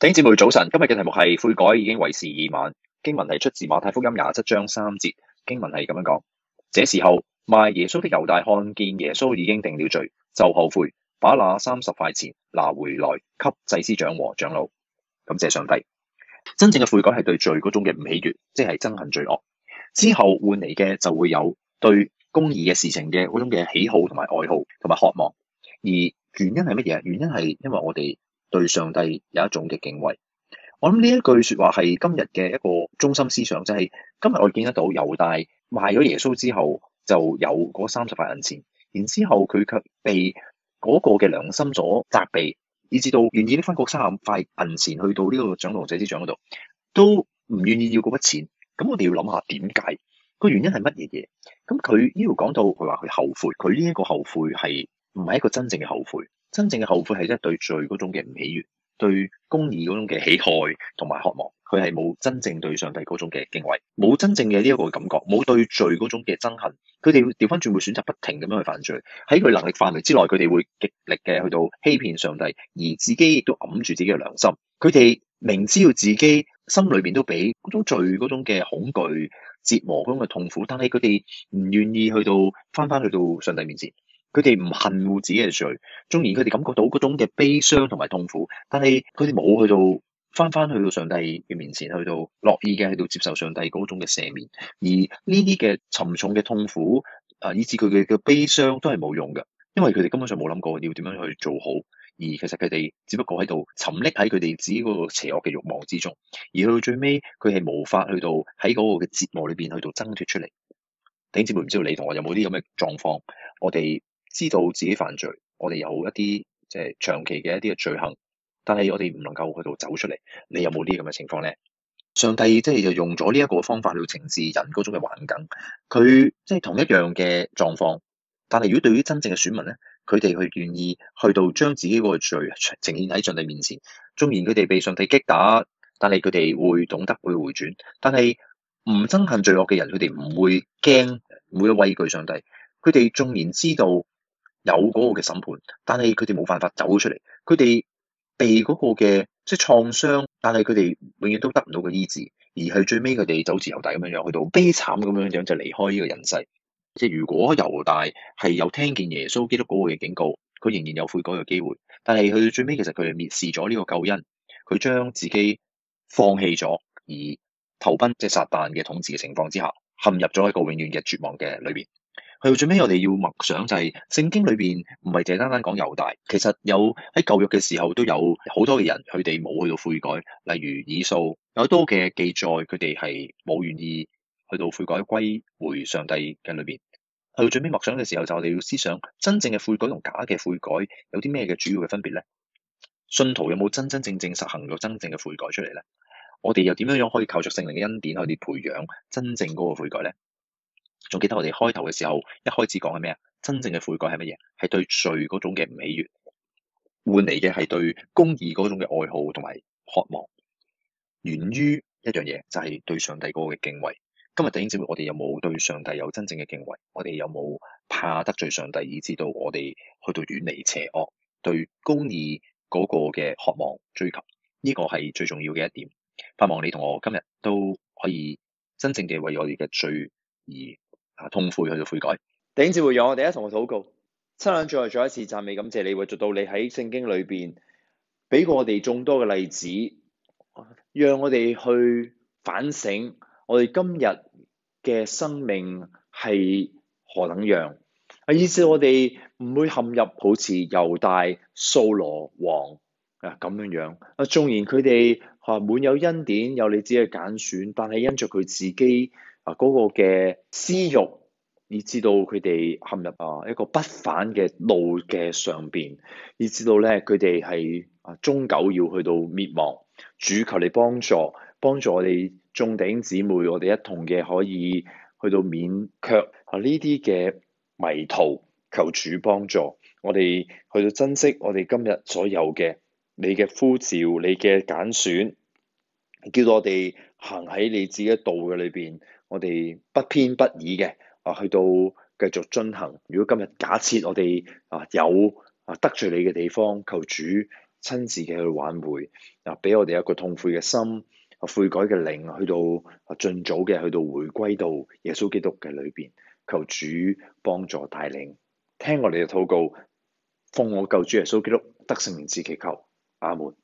弟兄姊妹早晨，今日嘅題目係悔改已經為時已晚。經文係出自馬太福音廿七章三節，經文係咁樣講：，這時候賣耶穌的猶大看見耶穌已經定了罪，就後悔，把那三十塊錢拿回來給祭司長和長老。感謝上帝，真正嘅悔改係對罪嗰種嘅唔喜悦，即係憎恨罪惡之後換嚟嘅就會有對公義嘅事情嘅嗰種嘅喜好同埋愛好同埋渴望。而原因係乜嘢？原因係因為我哋。對上帝有一種嘅敬畏，我諗呢一句說話係今日嘅一個中心思想，就係今日我哋見得到猶大賣咗耶穌之後，就有嗰三十塊銀錢，然之後佢卻被嗰個嘅良心所責備，以至到願意拎翻嗰三十塊銀錢去到呢個長老者之長嗰度，都唔願意要嗰筆錢。咁我哋要諗下點解？個原因係乜嘢嘢？咁佢呢度講到佢話佢後悔，佢呢一個後悔係唔係一個真正嘅後悔？真正嘅後悔係真係對罪嗰種嘅唔喜悅，對公義嗰種嘅喜愛同埋渴望，佢係冇真正對上帝嗰種嘅敬畏，冇真正嘅呢一個感覺，冇對罪嗰種嘅憎恨，佢哋調翻轉會選擇不停咁樣去犯罪，喺佢能力範圍之內，佢哋會極力嘅去到欺騙上帝，而自己亦都揞住自己嘅良心，佢哋明知要自己心裏邊都俾嗰種罪嗰種嘅恐懼折磨嗰種嘅痛苦，但係佢哋唔願意去到翻翻去到上帝面前。佢哋唔恨惡自己嘅罪，縱然佢哋感覺到嗰種嘅悲傷同埋痛苦，但係佢哋冇去到返返去到上帝嘅面前，去到樂意嘅去到接受上帝嗰種嘅赦免。而呢啲嘅沉重嘅痛苦，啊、呃、以至佢佢嘅悲傷都係冇用嘅，因為佢哋根本上冇諗過要點樣去做好。而其實佢哋只不過喺度沉溺喺佢哋自己嗰個邪惡嘅慾望之中，而到最尾佢係無法去到喺嗰個嘅折磨裏邊去到掙脫出嚟。弟兄姊妹，唔知道你同我有冇啲咁嘅狀況？我哋。知道自己犯罪，我哋有一啲即係長期嘅一啲嘅罪行，但係我哋唔能夠去到走出嚟。你有冇呢啲咁嘅情況咧？上帝即係就用咗呢一個方法去懲治人嗰種嘅環境，佢即係同一樣嘅狀況。但係如果對於真正嘅選民咧，佢哋去願意去到將自己嗰個罪呈現喺上帝面前，縱然佢哋被上帝擊打，但係佢哋會懂得會回轉。但係唔憎恨罪惡嘅人，佢哋唔會驚，唔會畏懼上帝。佢哋縱然知道，有嗰個嘅審判，但係佢哋冇辦法走出嚟，佢哋被嗰個嘅即係創傷，但係佢哋永遠都得唔到個醫治，而去最尾佢哋就好似猶大咁樣樣，去到悲慘咁樣樣就離開呢個人世。即係如果猶大係有聽見耶穌基督嗰個嘅警告，佢仍然有悔改嘅機會，但係去到最尾其實佢哋蔑視咗呢個救恩，佢將自己放棄咗而投奔即係撒旦嘅統治嘅情況之下，陷入咗一個永遠嘅絕望嘅裏邊。去到最尾，我哋要默想就係、是、聖經裏邊唔係淨係單單講猶大，其實有喺舊約嘅時候都有好多嘅人，佢哋冇去到悔改，例如以掃，有多嘅記載，佢哋係冇願意去到悔改歸回上帝嘅裏邊。去到最尾默想嘅時候，就我哋要思想真正嘅悔改同假嘅悔改有啲咩嘅主要嘅分別咧？信徒有冇真真正正實行咗真正嘅悔改出嚟咧？我哋又點樣樣可以靠着聖靈嘅恩典去啲培養真正嗰個悔改咧？仲記得我哋開頭嘅時候，一開始講係咩啊？真正嘅悔改係乜嘢？係對罪嗰種嘅唔喜悅換嚟嘅係對公義嗰種嘅愛好同埋渴望，源於一樣嘢就係、是、對上帝嗰個嘅敬畏。今日弟兄姊妹，我哋有冇對上帝有真正嘅敬畏？我哋有冇怕得罪上帝，以致到我哋去到遠離邪惡、對公義嗰個嘅渴望追求？呢個係最重要嘅一點。盼望你同我今日都可以真正嘅為我哋嘅罪而。痛悔去悔改，頂住會讓我哋一同去禱告，親眼再再一次讚美感謝你，為做到你喺聖經裏邊俾過我哋眾多嘅例子，讓我哋去反省我哋今日嘅生命係何等樣，啊以致我哋唔會陷入好似猶大、掃羅王啊咁樣樣啊，縱然佢哋啊滿有恩典，有你自己嘅揀選，但係因着佢自己。啊！嗰個嘅私欲，你知道佢哋陷入啊一個不返嘅路嘅上邊，你知道咧佢哋係啊終久要去到滅亡。主求你幫助，幫助我哋眾弟兄姊妹，我哋一同嘅可以去到免卻啊呢啲嘅迷途。求主幫助我哋去到珍惜我哋今日所有嘅你嘅呼召、你嘅揀選，叫到我哋行喺你自己嘅道嘅裏邊。我哋不偏不倚嘅啊，去到繼續進行。如果今日假設我哋啊有啊得罪你嘅地方，求主親自嘅去挽回啊，俾我哋一個痛悔嘅心啊，悔改嘅靈，去到啊盡早嘅去到回歸到耶穌基督嘅裏邊，求主幫助帶領，聽我哋嘅禱告，奉我救主耶穌基督得勝之名祈求，阿門。